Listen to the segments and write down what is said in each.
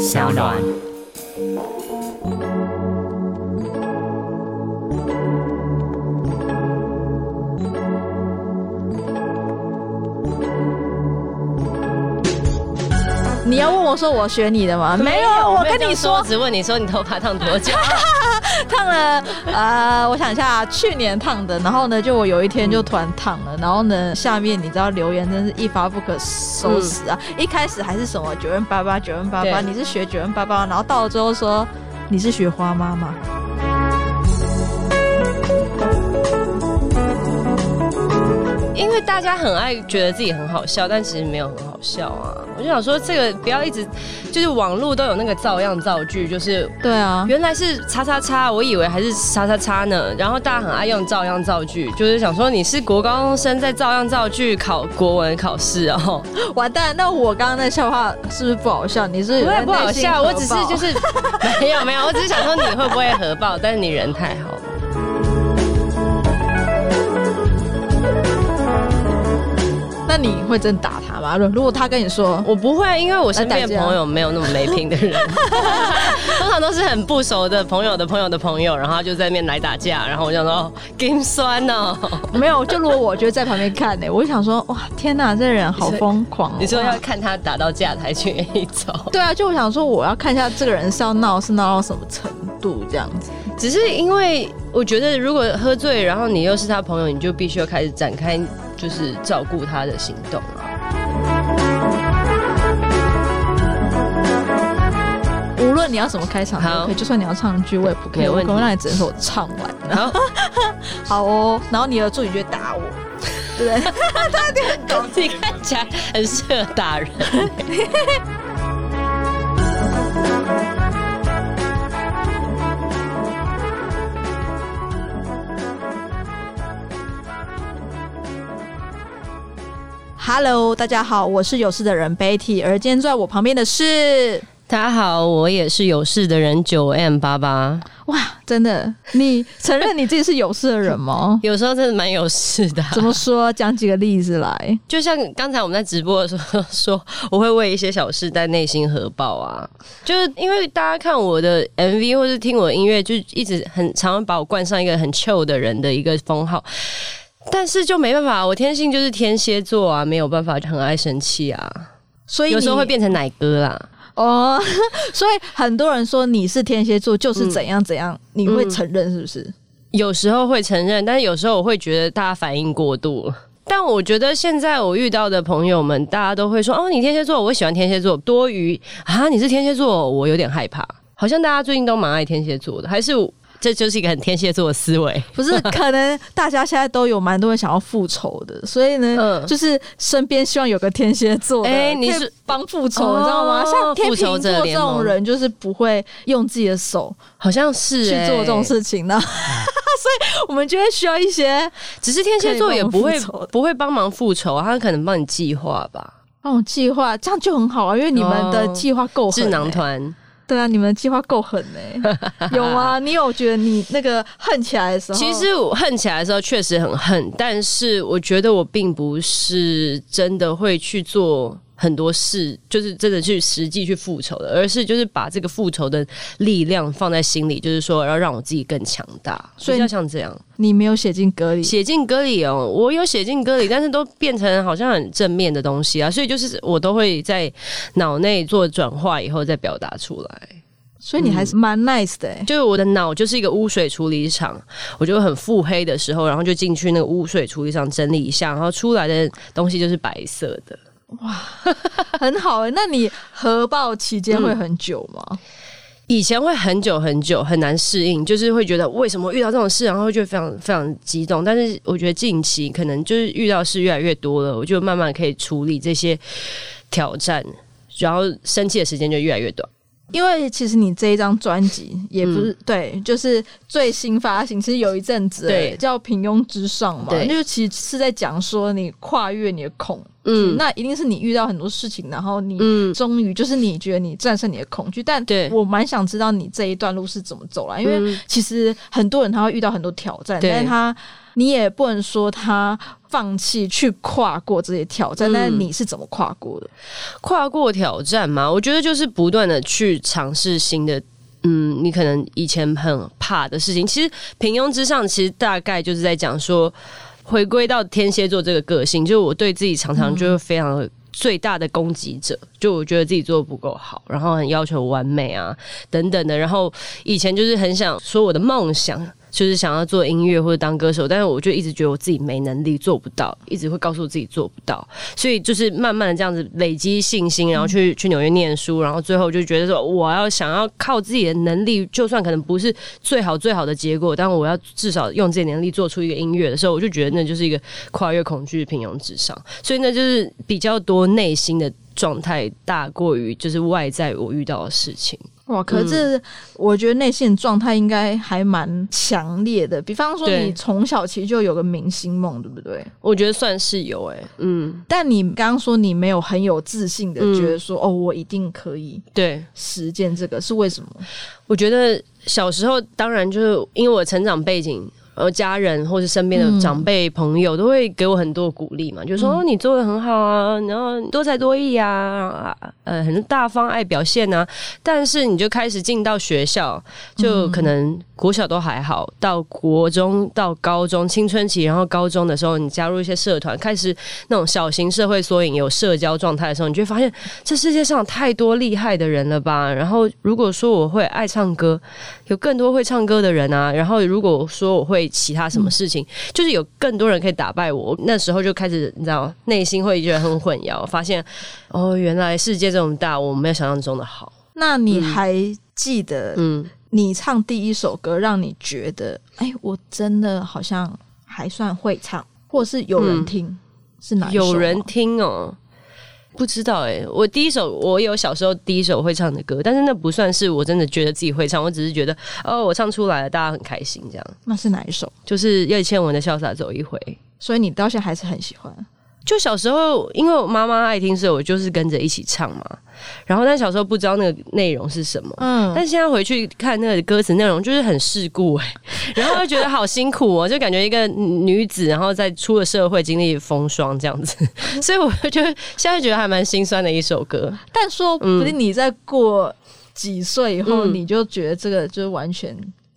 小暖，你要問我說我學你的嗎？沒有，我跟你說，你說我只問你說你頭髮燙多久。 燙了，呃，我想一下啊，去年燙的。然後呢，就我有一天就突然燙了，嗯。然後呢，下面你知道留言真是一發不可收拾啊！嗯，一開始還是什麼 9m889m88，你是學 9m88。然後到了之後說你是學花媽媽，因為大家很愛覺得自己很好笑，但其實沒有很好笑啊。我就想說，這個不要一直，就是網絡都有那個照樣造句，就是對啊，原來是叉叉叉，我以為還是叉叉叉呢。然後大家很愛用照樣造句，就是想說你是國高中生在照樣造句考國文考試哦，完蛋，那我剛剛那笑話是不是不好笑？你是，我也不好笑，我只是就是沒有沒有，我只是想說你會不會核爆，但是你人太好了。那你會真打他嗎？如果他跟你說，我不會，因為我身邊朋友沒有那麼沒品的人， 通常都是很不熟的朋友的朋友的朋友，然後就在那邊來打架，然後我就說心 酸哦、喔！」沒有，就如果我覺得在旁邊看呢、欸，我就想說，哇，天哪、啊，這個、人好瘋狂你！你說要看他打到架才去願意走？對啊，就我想說，我要看一下這個人是要鬧，是鬧到什麼程度這樣子。 只是因為我覺得，如果喝醉，然後你又是他朋友，你就必須要開始展開。就是照顧他的行動啊。無論你要什麼開場都可以，就算你要唱一句，我也不可以。我，我，我讓你只能說我唱完了，然後 好哦，然後你的助理就會打我。 對， 你看起來很適合打人。 Hello，大家好，我是有事的人 Betty，而今天坐在我旁邊的是。大家好，我也是有事的人 9m88。哇，真的，你承認你自己是有事的人嗎？ 有時候真的蠻有事的啊。怎麼說？講幾個例子來，就像剛才我們在直播的時候說，我會為一些小事在內心核爆啊，就是因為大家看我的 MV 或者聽我的音樂，就一直很常常把我冠上一個很 chill 的人的一個封號。但是就沒辦法，我天性就是天蠍座啊，沒有辦法，很愛生氣啊，所以有時候會變成奶哥啦。哦、oh, 所以很多人說你是天蠍座，就是怎樣怎樣，嗯、你會承認是不是、嗯？有時候會承認，但是有時候我會覺得大家反應過度。但我覺得現在我遇到的朋友們，大家都會說哦，你天蠍座，我喜歡天蠍座。多餘啊，你是天蠍座，我有點害怕。好像大家最近都蠻愛天蠍座的，還是？這就是一個很天蠍座的思維，不是？可能大家現在都有蠻多人想要復仇的， 所以呢，嗯、就是身邊希望有個天蠍座，哎、欸，你是幫復仇，你知道嗎？哦、像天秤座這種人，就是不會用自己的手，好像是、欸、去做這種事情的，欸、 所以我們就會需要一些。只是天蠍座也不會不會幫忙復仇、啊，他可能幫你計劃吧，幫我計劃，這樣就很好啊，因為你們的計劃夠智囊團。對啊，你們計劃夠狠呢、欸， 有嗎？你有覺得你那個恨起來的時候？ 其實我恨起來的時候確實很恨，但是我覺得我並不是真的會去做。很多事就是真的去實際去復仇的，而是就是把這個復仇的力量放在心裡，就是說要讓我自己更強大，所以。所以就像這樣，你沒有寫進歌裡，寫進歌裡哦，我有寫進歌裡，但是都變成好像很正面的東西啊。所以就是我都會在腦內做轉化以後再表達出來。所以你還是蠻 nice 的欸。嗯，就是我的腦就是一個污水處理廠。我覺得很腹黑的時候，然後就進去那個污水處理廠整理一下，然後出來的東西就是白色的。哇，很好哎、欸！那你核爆期間會很久嗎、嗯？以前會很久很久，很難適應，就是會覺得為什麼遇到這種事，然後就會非常非常激動。但是我覺得近期可能就是遇到事越來越多了，我就慢慢可以處理這些挑戰，然後生氣的時間就越來越短。因為其實你這一張專輯也不是、嗯、對，就是最新發行，其實有一陣子對叫平庸之上嘛，就其實是在講說你跨越你的恐。嗯，那一定是你遇到很多事情，然後你終於就是你覺得你戰勝你的恐懼、嗯，但我蠻想知道你這一段路是怎麼走來，因為其實很多人他會遇到很多挑戰，嗯、但是他對你也不能說他放棄去跨過這些挑戰，嗯、但是你是怎麼跨過的？跨過挑戰嗎？我覺得就是不斷的去嘗試新的，嗯，你可能以前很怕的事情，其實平庸之上，其實大概就是在講說。回歸到天蠍座這個個性，就我對自己常常就是非常最大的攻擊者，嗯，就我覺得自己做的不夠好，然後很要求完美啊等等的，然後以前就是很想說我的夢想。就是想要做音樂或者當歌手，但是我就一直覺得我自己沒能力做不到，一直會告訴我自己做不到，所以就是慢慢的這樣子累積信心，然後去、嗯、去紐約念書，然後最後就覺得說我要想要靠自己的能力，就算可能不是最好最好的結果，但我要至少用自己的能力做出一個音樂的時候，我就覺得那就是一個跨越恐懼、平庸之上，所以呢，就是比較多內心的狀態大過於就是外在我遇到的事情。哇，可是我覺得內心狀態應該還蠻強烈的，嗯。比方說，你從小其實就有個明星夢，對不對？我覺得算是有誒、欸。嗯。但你剛剛說你沒有很有自信的覺得說，嗯、哦，我一定可以對實踐這個，是為什麼？我覺得小時候，當然就是因為我成長背景。呃，家人或是身邊的長輩朋友都會給我很多鼓勵嘛，就說你做的很好啊，然後多才多藝啊，呃，很大方愛表現啊，但是你就開始進到學校，就可能國小都還好，到國中到高中青春期，然後高中的時候，你加入一些社團，開始那種小型社會縮影有社交狀態的時候，你就會發現這世界上有太多厲害的人了吧。然後如果說我會愛唱歌，有更多會唱歌的人啊。然後如果說我會、其他什麼事情，嗯，就是有更多人可以打敗我，那時候就開始，你知道，內心會覺得很混淆，發現哦，原來世界這麼大，我沒有想象中的好。那你還記得，嗯，你唱第一首歌，讓你覺得，哎，嗯嗯欸，我真的好像還算會唱，或是有人聽，嗯、是哪一首啊？有人聽哦。不知道哎、欸，我第一首我有小時候第一首會唱的歌，但是那不算是我真的覺得自己會唱，我只是覺得哦，我唱出來了，大家很開心這樣。那是哪一首？就是葉倩文的《瀟灑走一回》，所以你到現在還是很喜歡。就小時候，因為我媽媽愛聽的時候，所以我就是跟着一起唱嘛。然後，但小時候不知道那個內容是什麼，嗯，但是現在回去看那個歌詞內容，就是很世故哎、欸嗯，然後又覺得好辛苦哦、喔， 就感覺一個女子，然後在出了社會，經歷風霜這樣子，所以我就現在覺得還蠻心酸的一首歌、嗯。但說不定你再過幾歲以後、嗯，你就覺得這個就是完全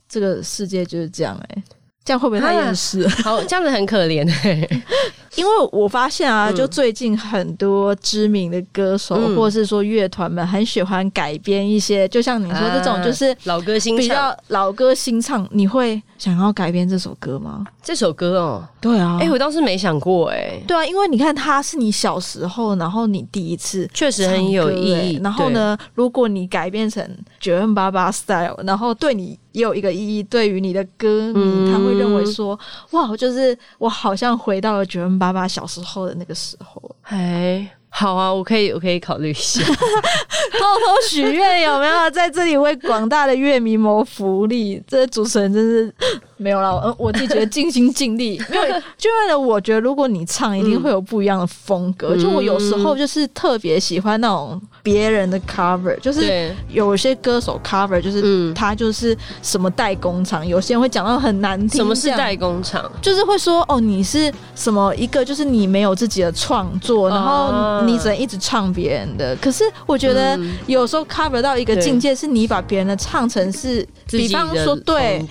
這個世界就是這樣哎、欸。這樣會不會他認識？好，這樣子很可憐嘿、欸、 因為我發現啊，就最近很多知名的歌手、嗯、或者是說樂團們，很喜歡改編一些、嗯，就像你說這種，就是老歌新比較、啊、老歌新唱。你會想要改編這首歌嗎？這首歌哦，對啊，誒、欸，我倒是沒想過誒、欸，對啊，因為你看它是你小時候，然後你第一次，確實很有意義。然後呢，如果你改編成。9m88 style，然後對你也有一個意義。對於你的歌迷，他會認為說、嗯：“哇，就是我好像回到了 9m88 小時候的那個時候。嘿”哎。好啊，我可以，我可以考慮一下 偷偷許願，有沒有在這裡為廣大的樂迷謀福利？這主持人真是沒有啦，我我自己覺得盡心盡力，因 為就為了我覺得如果你唱，一定會有不一樣的風格。嗯、就我有時候就是特別喜歡那種別人的 cover，、嗯、就是有些歌手 cover，就是他就是什麼代工廠、嗯，有些人會講到很難聽。什麼是代工廠？就是會說哦，你是什麼一個？就是你沒有自己的創作，然後。你只能一直唱別人的，可是我覺得有時候 cover 到一個境界，是你把別人的唱成是，比方說，對，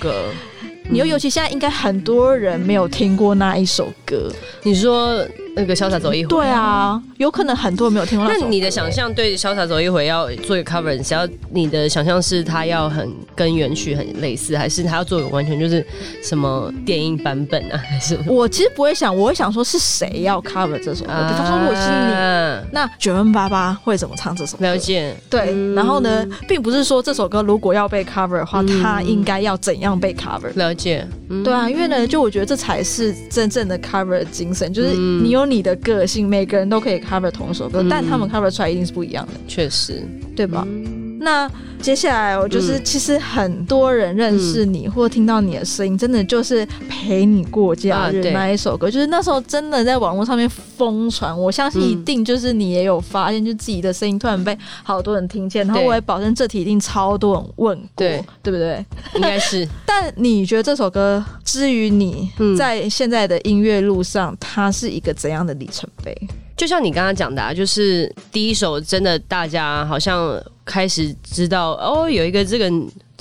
你尤、嗯、尤其現在應該很多人沒有聽過那一首歌，嗯、你說。那個瀟灑走一回、嗯，對啊，有可能很多人沒有聽過。那你的想象對《瀟灑走一回》要做一個 cover，只要你的想象是他要很跟原曲很類似，還是他要做一個完全就是什麼電音版本啊？還是我其實不會想，我會想說是誰要 cover 這首歌？比方說我是你、啊，那 9m88 會怎麼唱這首歌？了解。對、嗯，然後呢，並不是說這首歌如果要被 cover 的話，嗯、他應該要怎樣被 cover？了解、嗯。對啊，因為呢，就我覺得這才是真正的 cover 的精神，就是你用。你的個性，每個人都可以 cover 同首歌，嗯、但他們 cover 出來一定是不一樣的，確實，對吧？嗯那接下來我就是，其實很多人認識你或聽到你的聲音，真的就是陪你過假日那一首歌、啊，就是那時候真的在網絡上面瘋傳。我相信一定就是你也有發現，就自己的聲音突然被好多人聽見。然後我也保證，這題一定超多人問過，對,對, 對不對？應該是。 但你覺得這首歌至，之於你在現在的音樂路上，它是一個怎樣的里程碑？就像你剛剛講的，啊，就是第一首，真的大家好像開始知道哦，有一個這個。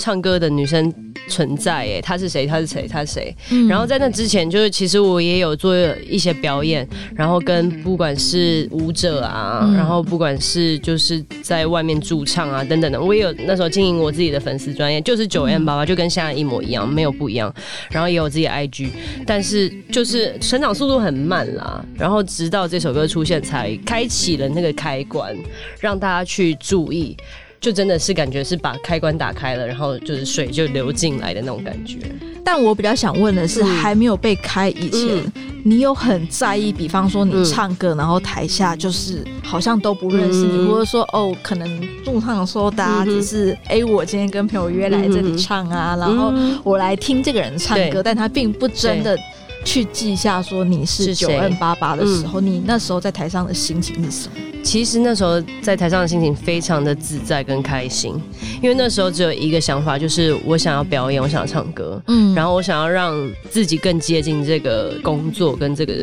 唱歌的女生存在哎，她是誰？她是誰？她是誰、嗯？然後在那之前，就是其實我也有做一些表演，然後跟不管是舞者啊，嗯、然後不管是就是在外面駐唱啊等等的，我也有那時候經營我自己的粉絲專頁，就是九 M 八八 baba，就跟現在一模一樣，沒有不一樣。然後也有自己 IG，但是就是成長速度很慢啦。然後直到這首歌出現，才開啟了那個開關，讓大家去注意。就真的是感覺是把開關打開了，然後就是水就流進來的那種感覺。但我比較想問的是，是還沒有被開以前，嗯、你有很在意？比方說你唱歌、嗯，然後台下就是好像都不認識你、嗯，如果說哦，可能中午唱的時候的、啊，大、嗯、家只是哎、欸，我今天跟朋友約來這裡唱啊，嗯、然後我來聽這個人唱歌，但他並不真的。去記下說你是 9M88 的時候、嗯，你那時候在台上的心情是什麼？其實那時候在台上的心情非常的自在跟開心，因為那時候只有一個想法，就是我想要表演，我想要唱歌，嗯，然後我想要讓自己更接近這個工作跟這個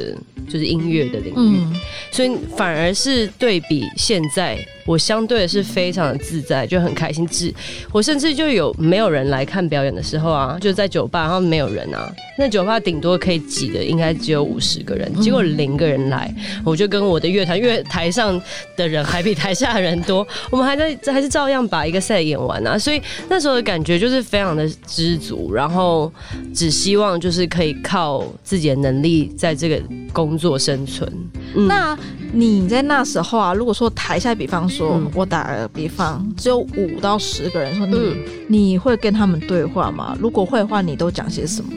就是音樂的領域、嗯，所以反而是對比現在，我相對是非常的自在，就很開心。自，我甚至就有沒有人來看表演的時候啊，就在酒吧，他們沒有人啊，那酒吧頂多可以。擠的應該只有五十個人，結果零個人來，我就跟我的樂團，因為台上的人還比台下的人多，我們還在還是照樣把一個賽演完啊，所以那時候的感覺就是非常的知足，然後只希望就是可以靠自己的能力在這個工作生存。嗯、那你在那時候啊，如果說台下，比方說、嗯、我打個比方，只有五到十個人說，說你、嗯、你會跟他們對話嗎？如果會的話，你都講些什麼？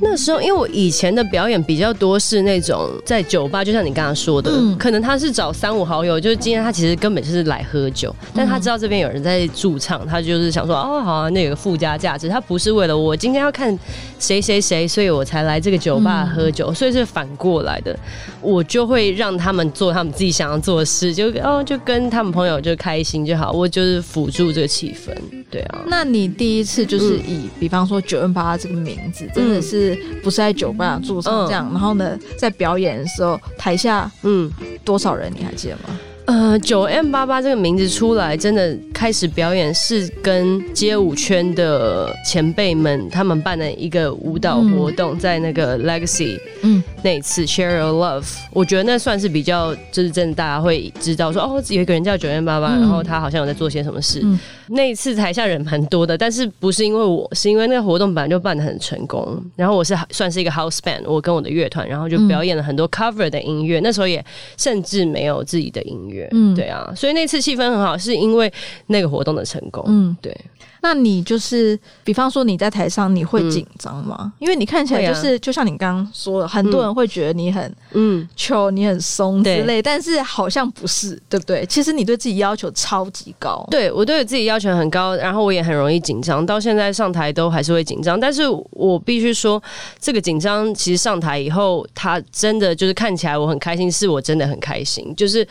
那時候，因為我以前的表演比較多是那種在酒吧，就像你剛剛說的、嗯，可能他是找三五好友，就是今天他其實根本就是來喝酒，嗯、但他知道這邊有人在駐唱，他就是想說哦好、啊，那有個附加價值。他不是為了我今天要看誰誰誰，所以我才來這個酒吧喝酒、嗯，所以是反過來的。我就會讓他們做他們自己想要做的事，就哦就跟他們朋友就開心就好，我就是輔助這個氣氛，對啊。那你第一次就是以比方說 9m88 這個名字，真的是。不是在酒吧做，唱、嗯、這樣，然後呢，在表演的時候，台下嗯多少人你還記得嗎？呃，9m88 這個名字出來，真的開始表演是跟街舞圈的前輩們他們辦的一個舞蹈活動，在那個 Legacy 嗯，那一次、嗯、Share Your Love，我覺得那算是比較就是真的大家會知道說哦，有一個人叫 9m88，然後他好像有在做些什麼事。嗯嗯那一次台下人蠻多的，但是不是因為我，是因為那個活動本來就辦得很成功。然後我是算是一個 house band，我跟我的樂團，然後就表演了很多 cover 的音樂、嗯。那時候也甚至沒有自己的音樂，嗯，對啊，所以那次氣氛很好，是因為那個活動的成功，嗯，對。那你就是，比方說你在台上你會緊張嗎、嗯？因為你看起來就是，啊、就像你剛剛說的，很多人會覺得你很 chill，嗯，球你很鬆之類對，但是好像不是，對不對？其實你對自己要求超級高，對我都有自己要。權很高，然後我也很容易緊張，到現在上台都還是會緊張。但是我必須說，這個緊張其實上台以後，他真的就是看起來我很開心，是我真的很開心，就是。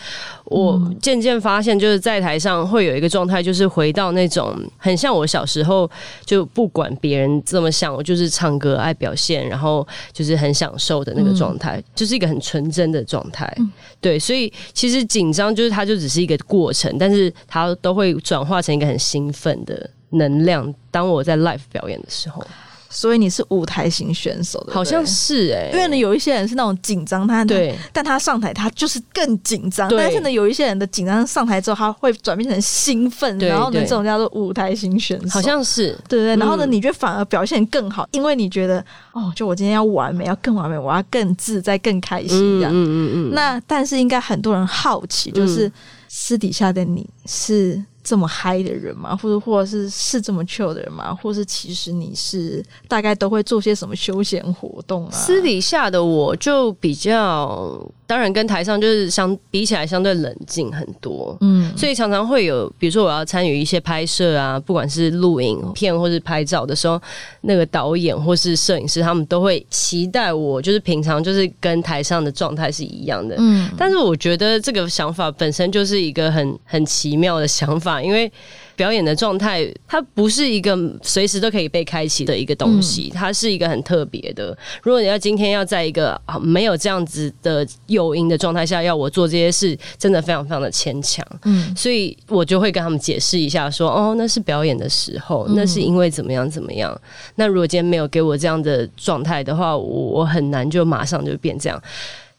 我漸漸發現，就是在台上會有一個狀態，就是回到那種很像我小時候，就不管別人怎麼想，我就是唱歌愛表現，然後就是很享受的那個狀態、嗯，就是一個很純真的狀態、嗯。對，所以其實緊張就是它就只是一個過程，但是它都會轉化成一個很興奮的能量。當我在 live 表演的時候。所以你是舞台型選手的，好像是哎、欸，因為呢有一些人是那種緊張，他對，但他上台他就是更緊張，但是呢有一些人的緊張上台之後他會轉變成興奮，然後呢這種叫做舞台型選手，好像是對，對對，然後呢、嗯、你就反而表現更好，因為你覺得哦，就我今天要完美，要更完美，我要更自在、更開心這樣，嗯嗯嗯，嗯。那但是應該很多人好奇，就是私底下的你。是這麼嗨的人嗎？或者，或者是是這麼 chill 的人嗎？或是其實你是大概都會做些什麼休閒活動啊？私底下的我就比較，當然跟台上就是相比起來相對冷靜很多，嗯，所以常常會有，比如說我要參與一些拍攝啊，不管是錄影片或是拍照的時候，嗯，那個導演或是攝影師他們都會期待我就是平常就是跟台上的狀態是一樣的，嗯，但是我覺得這個想法本身就是一個很很奇妙的。妙的想法，因為表演的狀態它不是一個隨時都可以被開啟的一個東西，它是一個很特別的。如果你要今天要在一個啊沒有這樣子的誘因的狀態下要我做這些事，真的非常非常的牽強。嗯，所以我就會跟他們解釋一下說，說哦，那是表演的時候，那是因為怎麼樣怎麼樣。嗯，那如果今天沒有給我這樣的狀態的話，我我很難就馬上就變這樣。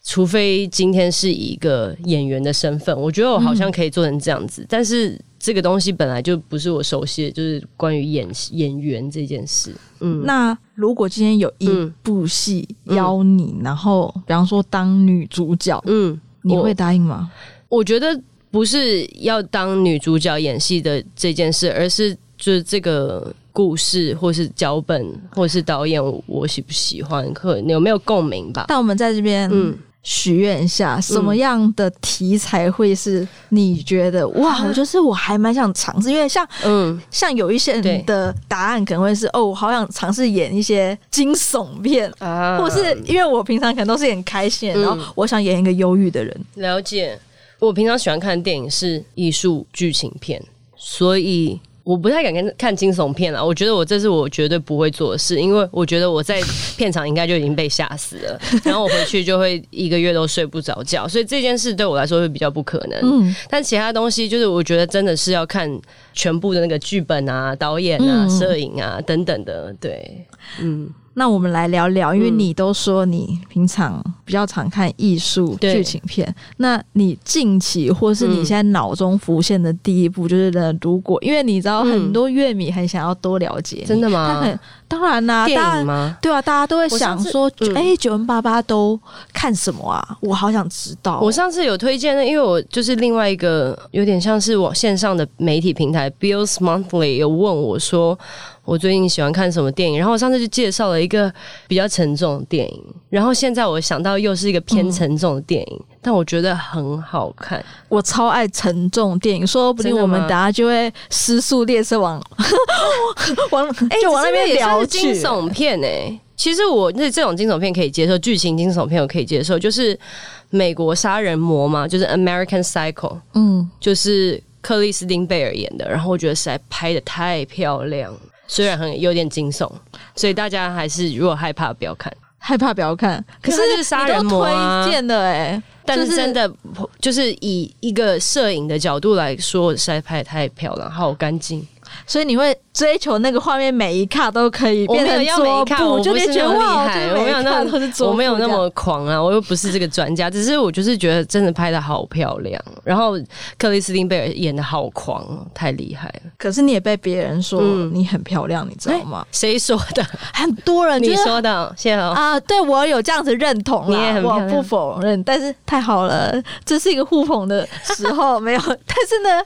除非今天是以一個演員的身份，我覺得我好像可以做成這樣子。嗯、但是這個東西本來就不是我熟悉的，就是關於演演員這件事。嗯，那如果今天有一部戲邀你、嗯，然後比方說當女主角，嗯，你會答應嗎？我，我覺得不是要當女主角演戲的這件事，而是就是這個故事，或是腳本，或是導演，我喜不喜歡，可你有沒有共鳴吧？但我們在這邊，嗯。許願一下，什麼樣的題材會是你覺得、嗯、哇？我就是我還蠻想嘗試，因為像嗯，像有一些人的答案可能會是哦，我好想嘗試演一些驚悚片，啊、嗯。或是因為我平常可能都是演開心，然後我想演一個憂鬱的人、嗯。了解，我平常喜歡看的電影是藝術劇情片，所以。我不太敢看看驚悚片了，我覺得我這是我絕對不會做的事，因為我覺得我在片場應該就已經被嚇死了，然後我回去就會一個月都睡不着覺，所以這件事對我來說會比較不可能，嗯。但其他東西就是我覺得真的是要看全部的那個劇本啊、導演啊、嗯、攝影啊等等的，對，嗯。那我們來聊聊，因為你都說你平常比較常看藝術劇情片，那你近期或是你現在腦中浮現的第一部，就是呢、嗯，如果因為你知道很多樂迷很想要多了解，真的嗎？很當然啦、啊，電影嗎？對啊，大家都會想說，哎，9m88 都看什麼啊？我好想知道、哦。我上次有推薦的，因為我就是另外一個有點像是我線上的媒體平台 Bills Monthly 有問我說。我最近喜歡看什麼電影？然後我上次就介紹了一個比較沉重的電影，然後現在我想到又是一個偏沉重的電影，嗯、但我覺得很好看。我超愛沉重電影，說不定我們大家就會《失速列車王》哎、 欸、就往那邊聊邊驚悚片哎、欸欸，其實我那這種驚悚片可以接受，劇情驚悚片我可以接受，就是美國殺人魔嘛，就是 American Psycho，嗯，就是克里斯汀貝爾演的，然後我覺得實在拍的太漂亮。雖然很有點驚悚，所以大家還是如果害怕不要看，害怕不要看。可是，殺人魔、啊、都推薦的哎，但是真的，就是，就是以一個攝影的角度來說，實在拍得太漂亮，好乾淨。所以你會追求那個畫面，每一卡都可以變成桌布，我就覺得我沒有那麼我沒有那麼狂啊，我又不是這個專家，只是我就是覺得真的拍得好漂亮， 然後克里斯汀貝爾演得好狂，太厲害了。可是你也被別人說、嗯、你很漂亮，你知道嗎？誰說的？ 很多人你說的，謝謝啊，對我有這樣子認同，你也很我不否認，但是太好了，這是一個互捧的時候， 沒有，但是呢。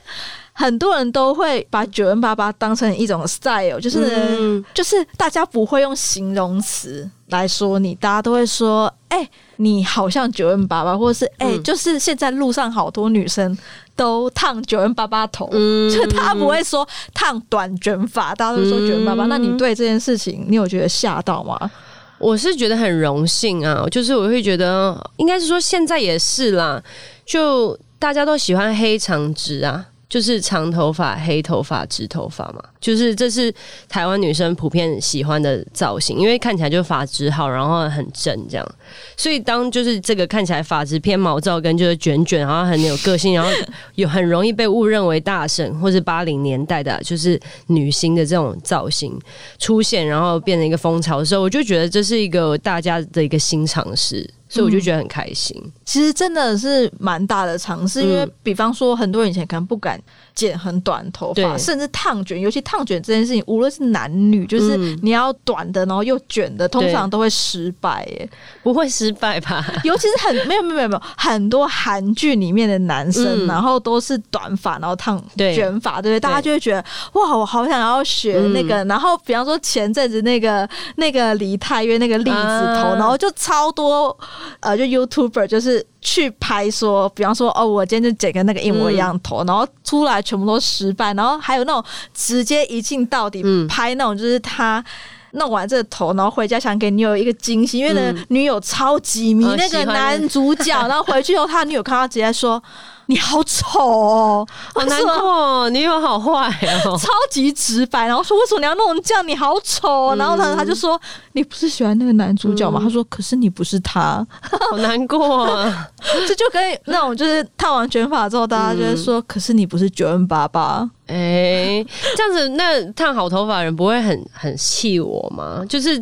很多人都會把 9m88 當成一種 style，就是、嗯、就是大家不會用形容詞來說你，大家都會說，哎、欸，你好像 9m88，或者是哎，就是現在路上好多女生都燙 9m88 頭、嗯，就大家不會說燙短捲髮，大家都說 9m88。那你對這件事情，你有覺得嚇到嗎？我是覺得很榮幸啊，就是我會覺得，應該是說現在也是啦，就大家都喜歡黑長直啊。就是長頭髮、黑頭髮、直頭髮嘛，就是這是台灣女生普遍喜歡的造型，因為看起來就髮質好，然後很正這樣。所以當就是這個看起來髮質偏毛躁，跟就是捲捲，然後很有個性，然後有很容易被誤認為大嬸或是八零年代的就是女星的這種造型出現，然後變成一個風潮的時候，我就覺得這是一個大家的一個新嘗試。所以我就覺得很開心，嗯。其實真的是蠻大的嘗試，嗯、因為比方說，很多人以前可能不敢。剪很短頭髮，甚至燙捲，尤其燙捲這件事情，無論是男女，就是你要短的，然後又捲的，通常都會失敗耶。耶，不會失敗吧？尤其是很沒有沒有沒有 很多韓劇裡面的男生，嗯、然後都是短髮，然後燙捲髮，對不對？大家就會覺得哇，我好想要學那個。嗯、然後，比方說前陣子那個那個梨泰院那個栗子頭、啊，然後就超多呃，就 YouTuber 就是。去拍說，比方說哦，我今天就剪個那個一模一樣頭、嗯，然後出來全部都失敗，然後還有那種直接一鏡到底拍那種，就是他弄完這個頭，然後回家想給女友一個驚喜、嗯，因為呢，女友超級迷、嗯、那個男主角，嗯、然後回去後 他女友看到直接說。你好醜，哦，好難過、哦，你有好壞啊、哦，超級直白，然後說，為什麼你要弄成這樣？你好醜、哦嗯，然後他他就說你不是喜歡那個男主角嗎？嗯、他說可是你不是他，好難過，啊！ 這就跟那種就是燙完卷髮之後，大家就是說、嗯、可是你不是 9m88。哎、欸，這樣子，那燙好頭髮的人不會很很氣我嗎？就是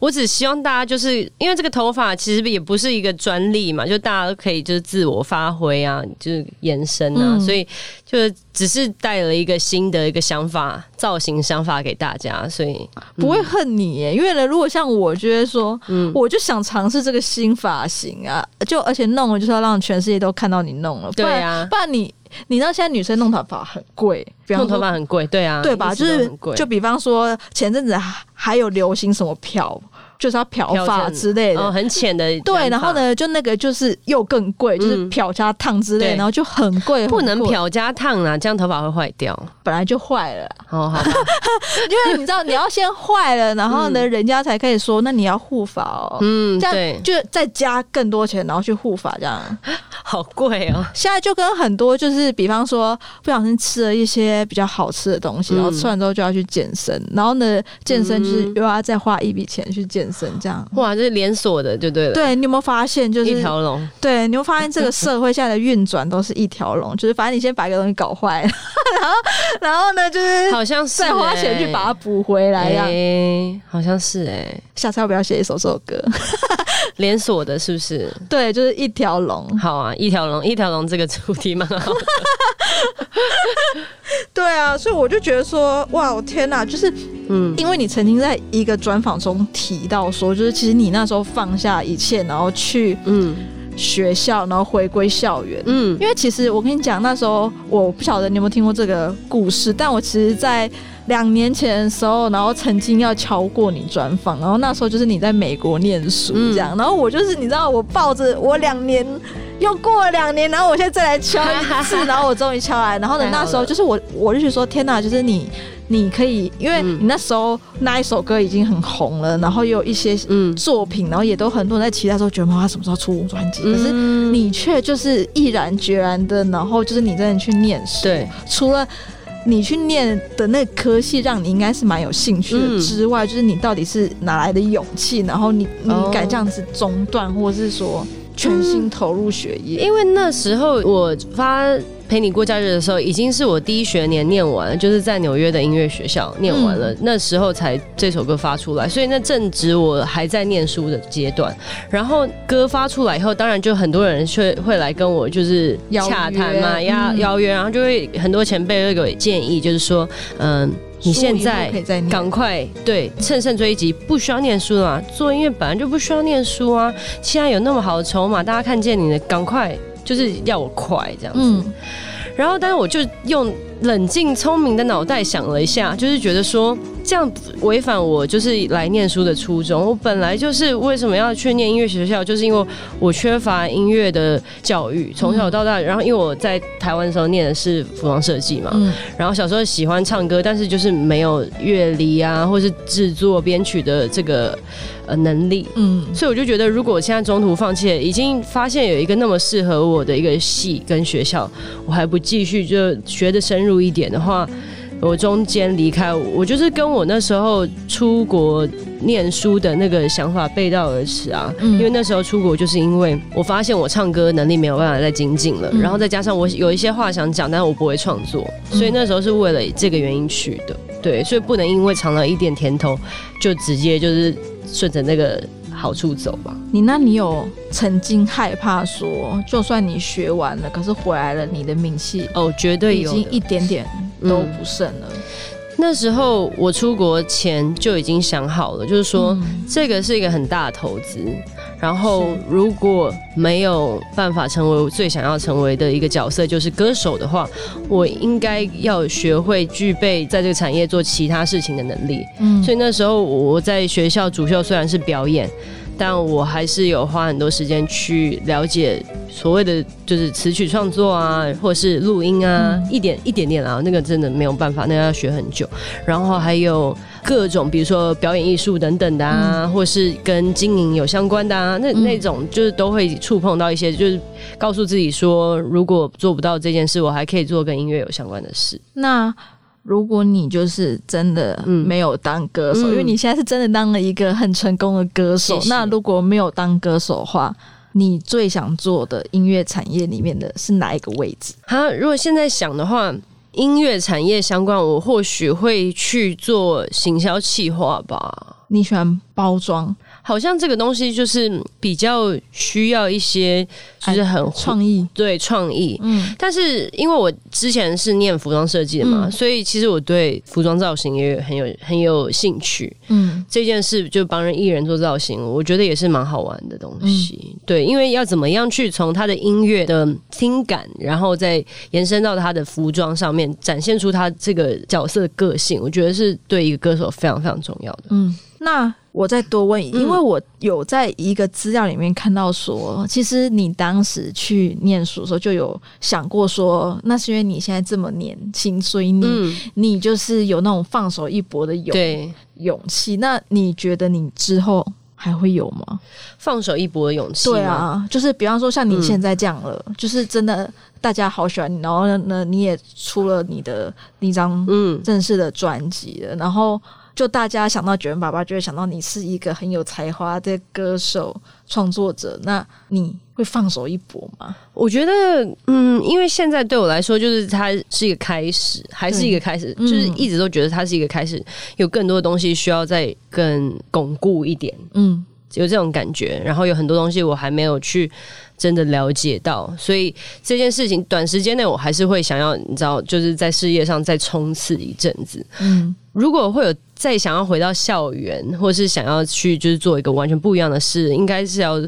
我只希望大家就是因為這個頭髮其實也不是一個專利嘛，就大家可以就是自我發揮啊，就是延伸啊，嗯、所以就是只是帶了一個新的一個想法、造型想法給大家，所以、嗯、不會恨你、欸。因為呢，如果像我覺得說，嗯、我就想嘗試這個新髮型啊，就而且弄了就是要讓全世界都看到你弄了，對呀、啊，不然你。你知道現在女生弄頭髮很貴，弄頭髮很貴，對啊，對吧？就是，就比方說前陣子還還有流行什麼漂吧。就是要漂髮之類的，的哦、很淺的。對，然後呢，就那個就是又更貴、嗯，就是漂加燙之類，然後就很貴，不能漂加燙啊，這樣頭髮會壞掉，本來就壞了。哦，好， 因為你知道 你要先壞了，然後呢、嗯，人家才可以說那你要護髮哦。嗯這樣，對，就再加更多錢，然後去護髮，這樣好貴哦、喔。現在就跟很多就是，比方說不小心吃了一些比較好吃的東西，嗯、然後吃完之後就要去健身，然後呢，嗯、健身就是又要再花一筆錢去健身。這樣哇，就是連鎖的，就對了。對你有沒有發現，就是一條龍？對，你有沒有發現這個社會現在的運轉都是一條龍？ 就是反正你先把一個東西搞壞， 然後然後呢，就是好像是在花錢去把它補回來呀？好像是哎、欸欸欸，下次要不要寫一首這首歌？ 連鎖的是不是？對，就是一條龍。好啊，一條龍，一條龍這個主題蠻好。 對啊，所以我就覺得說，哇，我天哪，就是，嗯，因為你曾經在一個專訪中提到說、嗯，就是其實你那時候放下一切，然後去，嗯，學校，然後回歸校園，嗯，因為其實我跟你講，那時候我不曉得你有沒有聽過這個故事，但我其實，在兩年前的時候，然後曾經要敲過你專訪，然後那時候就是你在美國念書這樣，嗯、然後我就是你知道，我抱着我兩年。又過了兩年，然後我現在再來敲一次， 然後我終於敲完。然後呢？那時候就是我，我就去說天哪、啊，就是你，你可以，因為你那時候、嗯、那一首歌已經很紅了，然後也有一些作品、嗯，然後也都很多人在期待，說覺得媽，他什麼時候出專輯、嗯？可是你卻就是毅然決然的，然後就是你真的去念書。對，除了你去念的那科系，讓你應該是蠻有興趣的之外，嗯、就是你到底是哪來的勇氣？然後你你敢這樣子中斷、哦，或是說？全心投入學業、嗯，因為那時候我發陪你過假日的時候，已經是我第一學年念完，就是在紐約的音樂學校念完了、嗯。那時候才這首歌發出來，所以那正值我還在念書的階段。然後歌發出來以後，當然就很多人會會來跟我就是洽談嘛，邀約邀約，然後就會很多前輩都給我建議，就是說，嗯。你現在趕快，快對，趁勝追擊，不需要念書了，做音樂本來就不需要念書啊。現在有那麼好的籌碼，大家看見你，趕快就是要我快這樣子。嗯。然後，但是我就用。冷靜聰明的腦袋想了一下，就是覺得說，這樣子違反我就是來念書的初衷。我本來就是為什麼要去念音樂學校，就是因為我缺乏音樂的教育，從小到大、嗯。然後因為我在台灣的時候念的是服裝設計嘛、嗯，然後小時候喜歡唱歌，但是就是沒有樂理啊，或是制作編曲的這個。呃，能力，嗯，所以我就覺得，如果現在中途放棄了，已經發現有一個那麼適合我的一個系跟學校，我還不繼續就學得深入一點的話，我中間離開，我就是跟我那時候出國念書的那個想法背道而馳啊。因為那時候出國，就是因為我發現我唱歌能力沒有辦法再精進了，然後再加上我有一些話想講，但我不會創作，所以那時候是為了這個原因去的。對，所以不能因為嘗了一點甜頭，就直接就是。順着那個好處走吧。你那你有曾經害怕說，就算你學完了，可是回來了，你的名氣哦，絕對已經一點點都不剩了。嗯，那時候我出國前就已經想好了，嗯，就是說這個是一個很大的投資。然後，如果沒有辦法成為我最想要成為的一個角色，就是歌手的話，我應該要學會具備在這個產業做其他事情的能力。嗯，所以那時候我在學校主修雖然是表演，但我還是有花很多時間去了解所謂的就是詞曲創作啊，或者是錄音啊，一點一點點啊，那個真的沒有辦法，那個要學很久。然後還有。各種，比如說表演藝術等等的啊，嗯、或是跟經營有相關的啊，那那種就是都會觸碰到一些，嗯、就是告訴自己說，如果做不到這件事，我還可以做跟音樂有相關的事。那如果你就是真的沒有當歌手，嗯嗯、因為你現在是真的當了一個很成功的歌手，是是。那如果沒有當歌手的話，你最想做的音樂產業裡面的是哪一個位置？哈，如果現在想的話。音樂產業相關，我或許會去做行銷企劃吧。你喜歡包裝。好像這個東西就是比較需要一些，就是很、哎、創意，對創意。嗯，但是因為我之前是念服裝設計的嘛、嗯，所以其實我對服裝造型也很有很有興趣。嗯，這件事就幫人藝人做造型，我覺得也是蠻好玩的東西、嗯。對，因為要怎麼樣去從他的音樂的聽感，然後再延伸到他的服裝上面，展現出他這個角色的個性，我覺得是對一個歌手非常非常重要的。嗯。那我再多問，因為我有在一個資料裡面看到說、嗯，其實你當時去念書的時候就有想過說，那是因為你現在這麼年輕，所以你、嗯、你就是有那種放手一搏的勇勇氣。那你覺得你之後還會有嗎？放手一搏的勇氣？對啊，就是比方說像你現在這樣了，嗯、就是真的大家好喜歡你，然後呢你也出了你的那張嗯正式的專輯了、嗯、然後。就大家想到 9m88，就會想到你是一個很有才華的歌手創作者。那你會放手一搏嗎？我覺得，嗯，因為現在對我來說，就是它是一個開始，還是一個開始、嗯，就是一直都覺得它是一個開始，有更多的東西需要再更鞏固一點。嗯。有這種感覺，然後有很多東西我還沒有去真的了解到，所以這件事情短時間內我還是會想要你知道，就是在事業上再衝刺一陣子。嗯，如果會有再想要回到校園，或是想要去就是做一個完全不一樣的事，應該是要，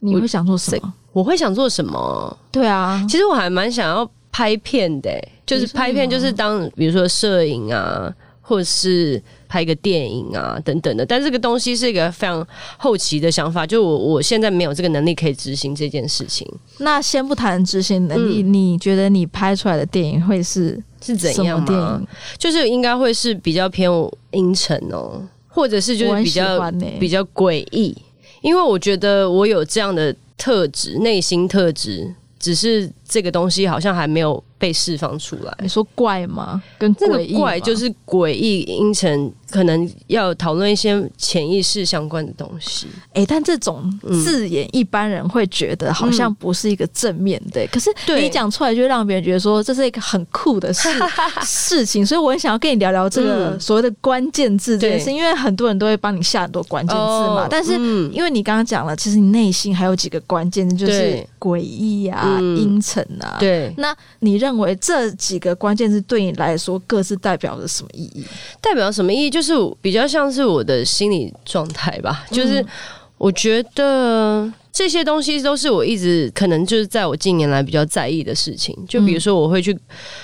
你會想做什麼？我，我會想做什麼？對啊，其實我還蠻想要拍片的欸，就是拍片就是當比如說攝影啊。或是拍一個電影啊等等的，但這個東西是一個非常後期的想法，就我我現在沒有這個能力可以執行這件事情。那先不談執行能力，嗯，你覺得你拍出來的電影會是影是怎樣電影？就是應該會是比較偏陰沉哦、喔，或者是就是比較、欸、比較詭異，因為我覺得我有這樣的特質，內心特質只是。這個東西好像還沒有被釋放出來，你、欸、說怪嗎？跟這、那個怪就是詭異陰沉，可能要討論一些潛意識相關的東西。哎、欸，但這種字眼一般人會覺得好像不是一個正面的、欸嗯。可是你講出來就會讓別人覺得說這是一個很酷的事 事情，所以我很想要跟你聊聊這個所謂的關鍵字這件事、嗯，對，是因為很多人都會幫你下很多關鍵字嘛、哦。但是因為你剛剛講了、嗯，其實你內心還有幾個關鍵字，就是詭異啊、陰、嗯、沉。對，那你認為這幾個關鍵是對你來說各自代表着什麼意義？代表什麼意義？就是比較像是我的心理狀態吧。就是我覺得這些東西都是我一直可能就是在我近年來比較在意的事情。就比如說，我會去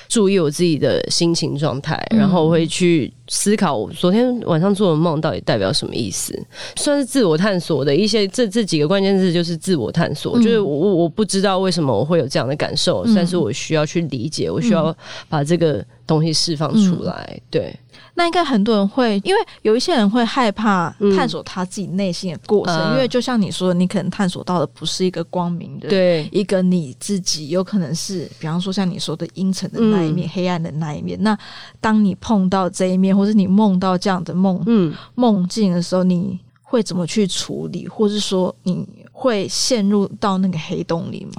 注意我自己的心情狀態，嗯、然後我會去。思考我昨天晚上做的夢到底代表什麼意思，算是自我探索的一些這這幾個關鍵字，就是自我探索。嗯、就是我我不知道為什麼我會有這樣的感受、嗯，但是我需要去理解，我需要把這個東西釋放出來、嗯。對，那應該很多人會，因為有一些人會害怕探索他自己內心的過程、嗯，因為就像你說的，你可能探索到的不是一個光明的，對，一個你自己有可能是，比方說像你說的陰沉的那一面、嗯、黑暗的那一面。那當你碰到這一面，或是你夢到這樣的夢，嗯，夢境的時候，你會怎麼去處理？或是說，你會陷入到那個黑洞裡嗎？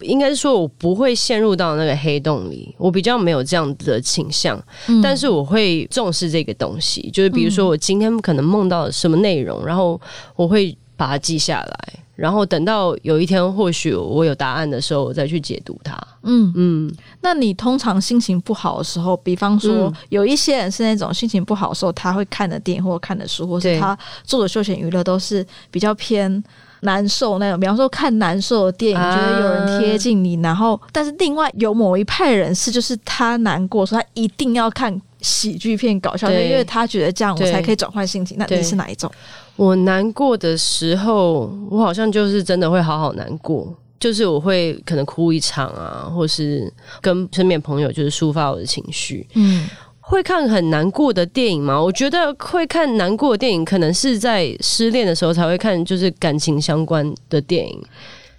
應該是說，我不會陷入到那個黑洞裡，我比較沒有這樣的傾向、嗯。但是，我會重視這個東西，就是比如說，我今天可能夢到什麼內容、嗯，然後我會把它記下來。然後等到有一天或許我有答案的時候，我再去解讀它。嗯嗯，那你通常心情不好的時候，比方說有一些人是那種心情不好的時候，他會看的電影或者看的書，或是他做的休閒娛樂都是比較偏難受那種。比方說看難受的電影，覺得有人貼近你，啊、然後但是另外有某一派人士就是他難過，說他一定要看。喜劇片搞笑，對，因為他覺得這樣我才可以轉換心情。那你是哪一種？我難過的時候，我好像就是真的會好好難過，就是我會可能哭一場啊，或是跟身邊朋友就是抒發我的情緒。嗯，會看很難過的電影嗎？我覺得會看難過的電影，可能是在失戀的時候才會看，就是感情相關的電影。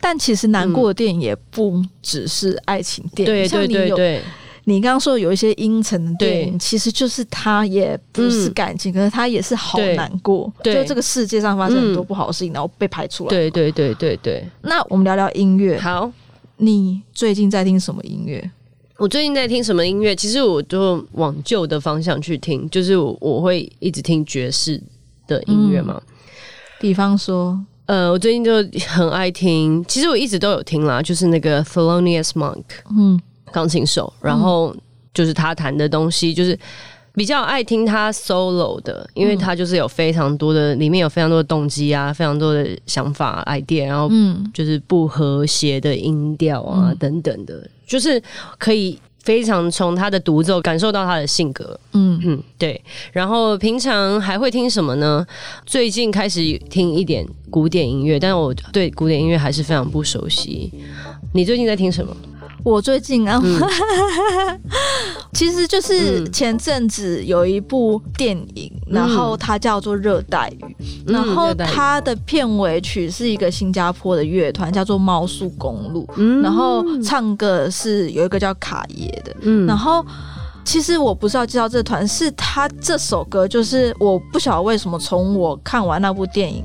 但其實難過的電影也不只是愛情電影，嗯、對，對，對對對。像你有你剛剛說有一些陰沉的電影，對，其實就是他也不是感情，嗯、可是他也是好難過對。對，就這個世界上發生很多不好的事情，嗯、然後被拍出來。對，對，對，對，對，對。那我們聊聊音樂。好，你最近在聽什麼音樂？我最近在聽什麼音樂？其實我就往舊的方向去聽，就是我，我會一直聽爵士的音樂嘛。嗯、比方說，呃，我最近就很愛聽，其實我一直都有聽啦，就是那個 Thelonious Monk。嗯。鋼琴手，然後就是他彈的東西、嗯，就是比較愛聽他 solo 的，因為他就是有非常多的，裡面有非常多的動機啊，非常多的想法 idea，然後嗯，就是不和諧的音調啊、嗯、等等的，就是可以非常從他的獨奏感受到他的性格，嗯嗯，對。然後平常還會聽什麼呢？最近開始聽一點古典音樂，但是我對古典音樂還是非常不熟悉。你最近在聽什麼？我最近啊、嗯， 其實就是前陣子有一部電影，嗯、然後它叫做《熱帶雨》，嗯，然後它的片尾曲是一個新加坡的樂團，叫做貓樹公路、嗯，然後唱歌是有一個叫卡爺的，嗯，然後其實我不是要介紹這團，是他這首歌，就是我不曉得為什麼從我看完那部電影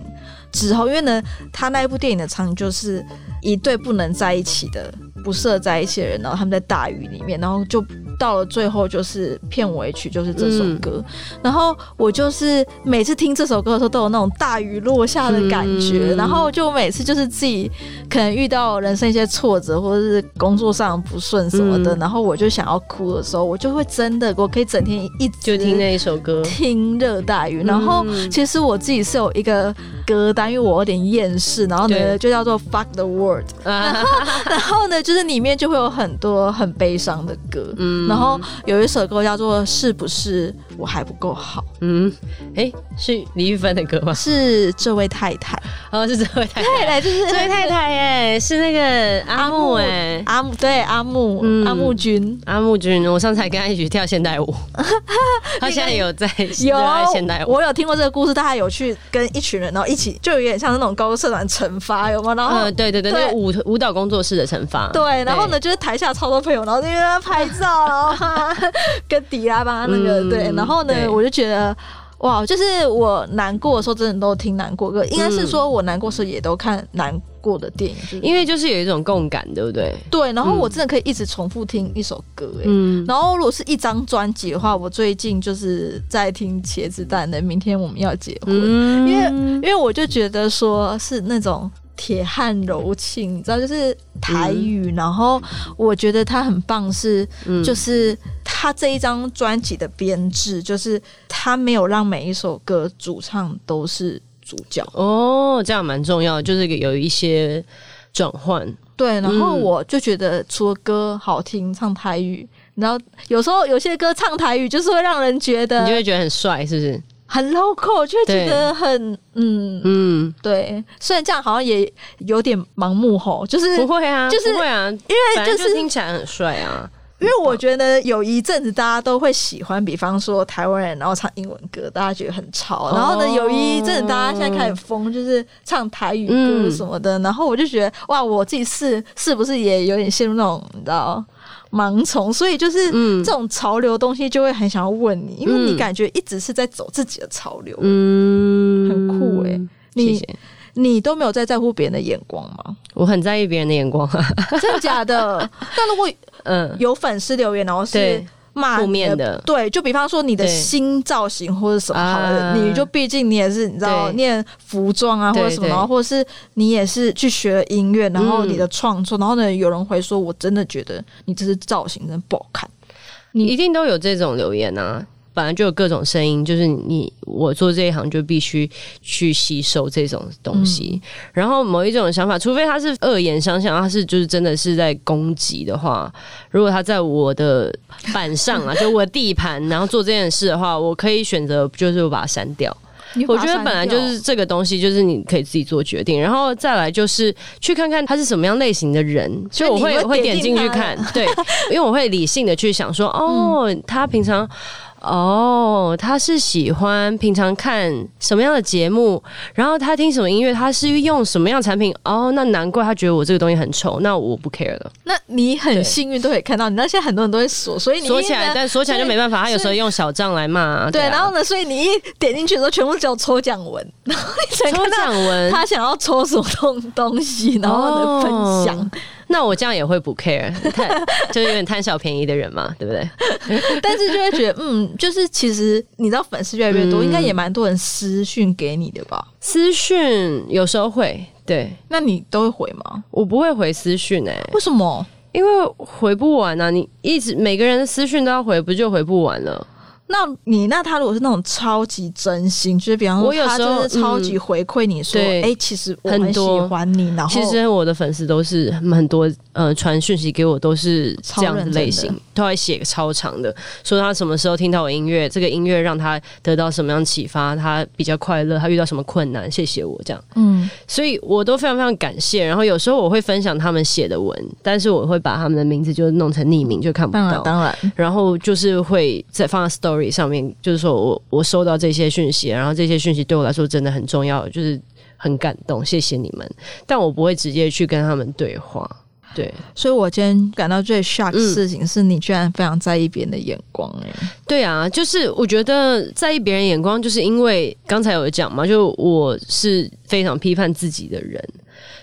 之後，因為呢，他那一部電影的場景就是一對不能在一起的。輻射在一些人，然後他們在大雨裡面，然後就。到了最後就是片尾曲就是這首歌，嗯，然後我就是每次聽這首歌的時候都有那種大雨落下的感覺，嗯，然後就每次就是自己可能遇到人生一些挫折或者是工作上不順什麼的，嗯，然後我就想要哭的時候，我就會真的我可以整天一直聽就聽那一首歌，聽熱帶雨。然後其實我自己是有一個歌單，因為我有點厭世，然後呢就叫做 Fuck the World，然後， 然後呢就是裡面就會有很多很悲傷的歌，嗯。然後有一首歌叫做《是不是我還不夠好》。嗯，哎，是李玉芬的歌嗎？是這位太太，呃、哦，是這位太太，對，就是這位太太，哎、 欸，是那個阿木，哎，阿木，對，阿木，嗯，阿木君，阿木君，我上次還跟他一起跳現代舞，他 現在有在有在現代舞，我有聽過這個故事，大家有去跟一群人，然後一起，就有點像那種高中社團懲罰，有嗎？然後，呃、對對對，對那個、舞舞蹈工作室的懲罰，對，然後呢，就是台下超多朋友，然後在那邊拍照。 跟迪拉巴那個、嗯，對，然後呢，我就覺得哇，就是我難過的時候，真的都聽難過歌。應該是說我難過的時候也都看難過的電影，嗯，因為就是有一種共感，對不對？對。然後我真的可以一直重複聽一首歌，哎。嗯。然後如果是一張專輯的話，我最近就是在聽茄子蛋的《明天我們要結婚》，嗯，因為因為我就覺得說是那種。鐵漢柔情，你知道，就是台語。嗯、然後我覺得他很棒是，是、嗯、就是他這一張專輯的編制，就是他沒有讓每一首歌主唱都是主角。哦，這樣蠻重要的，就是有一些轉換。對，然後我就覺得，除了歌好聽，唱台語，然後有時候有些歌唱台語，就是會讓人覺得，你就會覺得很帥，是不是？很 local，就覺得很嗯嗯對，雖然這樣好像也有點盲目吼，就是不會啊，就是不會啊，因為就是聽起來很帥啊、就是，因為我覺得有一陣子大家都會喜歡，比方說台灣人然後唱英文歌，大家覺得很潮，嗯、然後呢有一陣子大家現在開始瘋，就是唱台語歌什麼的，嗯、然後我就覺得哇，我自己是是不是也有點陷入那種你知道？盲從，所以就是這種潮流東西就會很想要問你，嗯，因為你感覺一直是在走自己的潮流，嗯，很酷哎、欸。你謝謝你都沒有在在乎別人的眼光嗎？我很在意別人的眼光 真的假的？ 但如果有嗯有粉絲留言，然後是。負面的，對，就比方說你的新造型或者什麼好的，呃，你就畢竟你也是你知道，念服裝啊或者什麼，對對對或者是你也是去學音樂，然後你的創作，嗯，然後呢，有人會說，我真的覺得你這是造型真的不好看你，你一定都有這種留言呢？啊。本來就有各種聲音，就是你我做這一行就必須去吸收這種東西、嗯。然後某一種想法，除非他是惡言相向，他是就是真的是在攻擊的話，如果他在我的板上啊，就我的地盤， 然後做這件事的話，我可以選擇就是我把它刪掉,掉。我覺得本來就是這個東西，就是你可以自己做決定。然後再來就是去看看他是什麼樣類型的人，所以我會會點進去看，對，因為我會理性的去想說，嗯、哦，他平常。哦、oh，他是喜歡平常看什麼樣的節目，然後他聽什麼音樂，他是用什麼樣的產品？哦、oh，那難怪他覺得我這個東西很醜，那我不 care 了。那你很幸運都可以看到，你那些很多人都會鎖，所以鎖起來，但鎖起來就沒辦法。他有時候用小賬來罵、啊啊，對，然後呢，所以你一點進去的時候，全部只有抽獎文，然後一直抽獎文，他想要抽什麼東東西，然後呢然後分享。Oh. 那我這樣也會不 care，就是有點貪小便宜的人嘛， 對不對？ 但是就會覺得，嗯，就是其實你知道粉絲越來越多，嗯、應該也蠻多人私訊給你的吧？私訊有時候會，對，那你都會回嗎？我不會回私訊哎、欸，為什麼？因為回不完啊！你一直每個人的私訊都要回，不就回不完了？那你那他如果是那種超級真心，就是比方說我他真的超級回饋你說，哎、嗯欸，其實我很喜歡你。然後其實我的粉絲都是很多，呃，傳訊息給我都是這樣的類型，都會寫個超長的，說他什麼時候聽到我音樂，這個音樂讓他得到什麼樣啟發，他比較快樂，他遇到什麼困難，謝謝我這樣。嗯，所以我都非常非常感謝。然後有時候我會分享他們寫的文，但是我會把他們的名字就弄成匿名，就看不到。當然，然後就是會再放在 story。上面就是說我我收到這些訊息，然後這些訊息對我來說真的很重要，就是很感動，謝謝你們。但我不會直接去跟他們對話，對。所以我今天感到最 shock 的事情是，你居然非常在意別人的眼光、啊嗯，對啊，就是我覺得在意別人眼光，就是因為剛才有講嘛，就我是非常批判自己的人。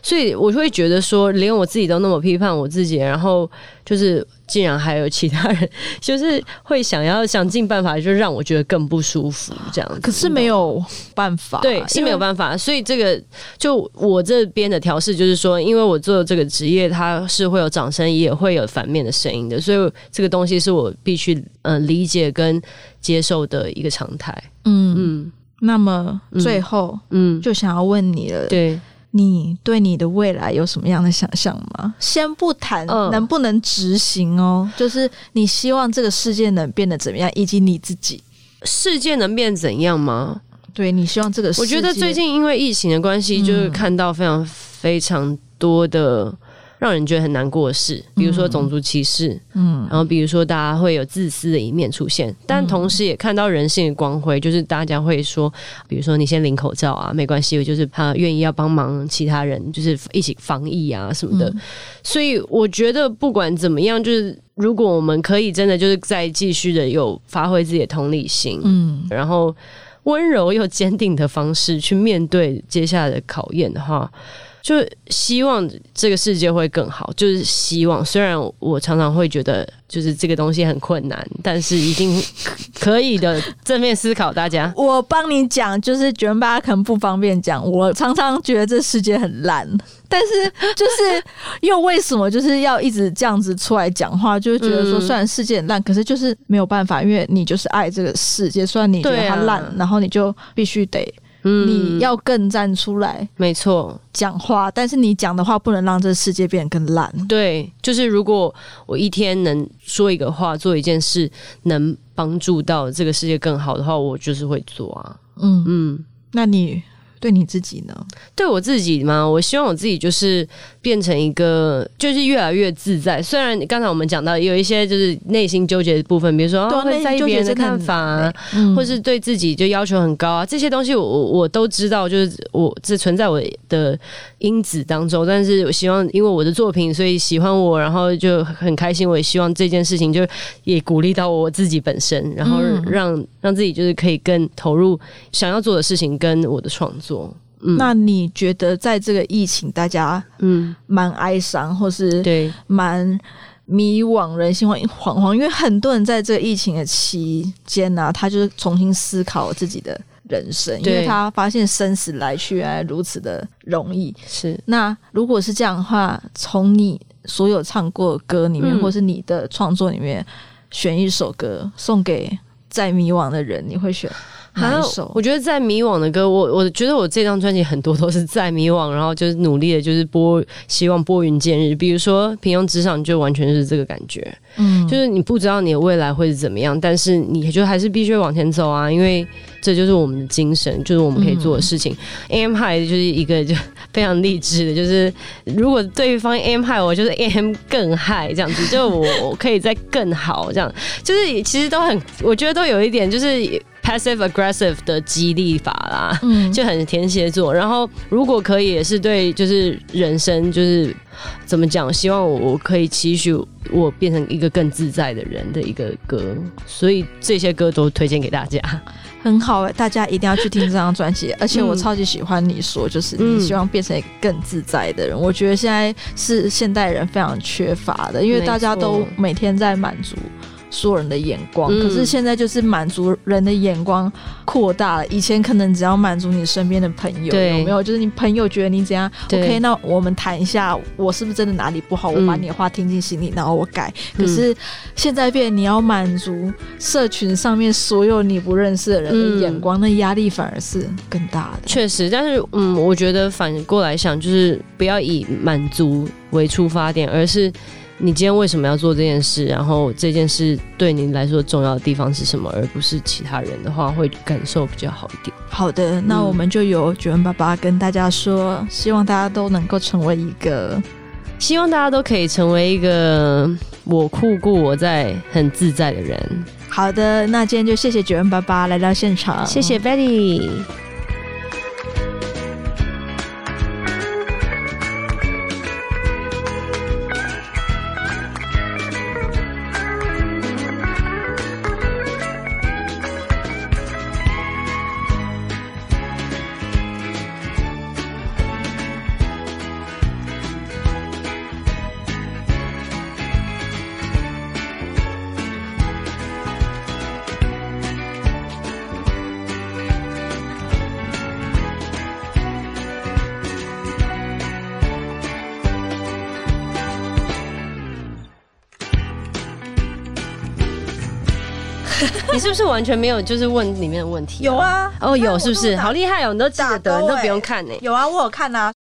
所以我就會覺得說，連我自己都那麼批判我自己，然後就是竟然還有其他人，就是會想要想盡辦法，就讓我覺得更不舒服這樣子。可是沒有辦法，對，是沒有辦法。所以這個就我這邊的調適，就是說，因為我做這個職業，它是會有掌聲，也會有反面的聲音的，所以這個東西是我必須呃理解跟接受的一個常態嗯。嗯，那麼最後，嗯，就想要問你了，對。你對你的未來有什麼樣的想象嗎？先不談能不能執行哦，嗯，就是你希望這個世界能變得怎麼樣，以及你自己，世界能變怎樣嗎？對，你希望這個世界，我覺得最近因為疫情的關係，就是看到非常非常多的。嗯讓人覺得很難過的事，比如說種族歧視，嗯，然後比如說大家會有自私的一面出現，嗯、但同時也看到人性的光輝，就是大家會說，比如說你先領口罩啊，沒關係，我就是怕願意要幫忙其他人，就是一起防疫啊什麼的、嗯。所以我覺得不管怎麼樣，就是如果我們可以真的就是再繼續的有發揮自己的同理心，嗯，然後溫柔又堅定的方式去面對接下來的考驗的話。就希望這個世界會更好，就是希望。雖然我常常會覺得，就是這個東西很困難，但是一定可以的。正面思考，大家。 我幫你講，就是 9m88 可能不方便講。我常常覺得這世界很爛，但是就是又為什麼就是要一直這樣子出來講話？就覺得說，雖然世界很爛，可是就是沒有辦法，因為你就是愛這個世界，算你覺得它爛，啊，然後你就必須得。嗯，你要更站出來，沒錯，講話，但是你講的話不能讓這世界變得更爛。對，就是如果我一天能說一個話，做一件事，能幫助到這個世界更好的話，我就是會做啊。嗯嗯，那你對你自己呢？對我自己嘛，我希望我自己就是。變成一個就是越來越自在。雖然剛才我們講到有一些就是內心糾結的部分，比如說對啊，會在意別人的看法、啊，嗯、或是對自己就要求很高啊，這些東西我我都知道，就是我只存在我的因子當中。但是我希望因為我的作品，所以喜歡我，然後就很開心。我也希望這件事情就也鼓勵到我自己本身，然後讓讓自己就是可以更投入想要做的事情跟我的創作。嗯、那你覺得在這個疫情，大家嗯蠻哀傷，或是對蠻迷惘、人心惶惶，因為很多人在這個疫情的期間呢、啊，他就是重新思考自己的人生，因為他發現生死來去原來如此的容易。是，那如果是這樣的話，從你所有唱過的歌裡面、嗯，或是你的創作裡面選一首歌送給在迷惘的人，你會選？還有，我覺得在迷惘的歌，我我覺得我這張專輯很多都是在迷惘，然後就是努力的，就是撥希望撥雲見日。比如說《平庸之上》，就完全是這個感覺，嗯，就是你不知道你的未來會是怎麼樣，但是你就還是必須往前走啊，因為這就是我們的精神，就是我們可以做的事情。嗯、Am High 就是一個就非常勵志的，就是如果對方 Am High，我就是 Am 更 High 這樣子，就我，我可以再更好，這樣就是其實都很，我覺得都有一點就是。Passive aggressive 的激勵法啦，嗯、就很天蠍座。然後如果可以，也是對，就是人生就是怎麼講，希望我我可以期許我變成一個更自在的人的一個歌。所以這些歌都推薦給大家，很好哎、欸，大家一定要去聽這張專輯。 而且我超級喜歡你說，嗯、就是你希望變成一個更自在的人，嗯。我覺得現在是現代人非常缺乏的，因為大家都每天在滿足。所有人的眼光，可是現在就是滿足人的眼光擴大了、嗯。以前可能只要滿足你身邊的朋友對，有沒有？就是你朋友覺得你怎樣？OK，那我們談一下，我是不是真的哪裡不好？嗯、我把你的話聽進心裡，然後我改。嗯、可是現在變，你要滿足社群上面所有你不認識的人的眼光，嗯、那壓力反而是更大的。確實，但是嗯，我覺得反過來想，就是不要以滿足為出發點，而是。你今天為什麼要做這件事？然後這件事對你來說重要的地方是什麼？而不是其他人的話，會感受比較好一點。好的，嗯、那我們就由 9m88 跟大家說，希望大家都能夠成為一個，希望大家都可以成為一個我酷過我在很自在的人。好的，那今天就謝謝 9m88 來到現場，謝謝 Betty。完全沒有，就是問裡面的問題、啊。有啊，哦，有是，是不是？好厲害哦，你都記得，得，你、欸、都不用看哎、欸，有啊，我有看啊。